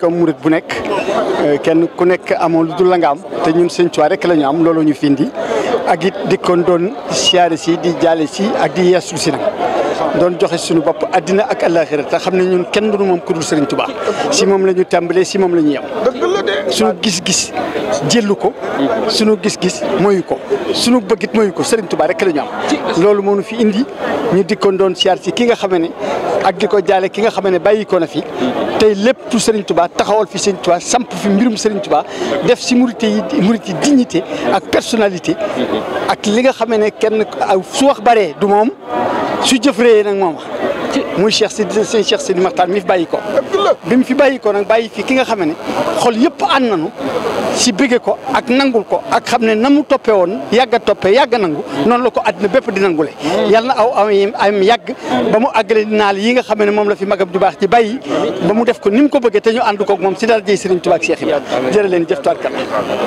comme murit bu nekk euh, kenn ku nekk amoon lu dul la nga am te ñun sëñ Tuubaa rek la ñu am loolu ñu findi ak it dikkoon doon siyaare si di jaale si ak di yeesul si nag doon joxe suñu bopp addina ak àllaaxira te xam ne ñun kenn duñu moom ku dul sëriñ Tuubaa si moom la ñu tàmbalee si moom la ñu yem suñu gis-gis jëllu ko sunu gis-gis moyu ko sunu bëggit moyu ko sëriñ Tuubaa rek la am loolu moo ñu fi indi ñu dikkoon doon siyaar si ki nga xam ak di ko jaale ki nga xam ne bàyyi na fi tey lépp Serigne Touba taxawal fi Serigne Touba samp fi mbirum Serigne Touba def si murit yi murit yi dignité ak personnalité ak li nga xam ne kenn su wax baree du moom su jëf rëyee nag moom muy Cheikh Sidi sëñ Cheikh Sidi Maxtaar mi fi bàyyi ko bi mu fi bàyyi ko nag bàyyi fi ki nga xam ne xol yëpp na nañu si bëgge ko ak nangul ko ak xam ne na mu toppee woon yàgg a toppe yàgg a nangu noonu la ko àddina bépp di nangule mm. yal na aw am am yàgg ba mu àggale naal yi nga xam ne moom la fi magam ju baax ci bàyyi ba mu def ko ni mu ko bëggee te ñu ànd koog moom si dara jëy Sëriñ Tuubaa ak Cheikh Ibrahima jërë leen jëf tuwaat kan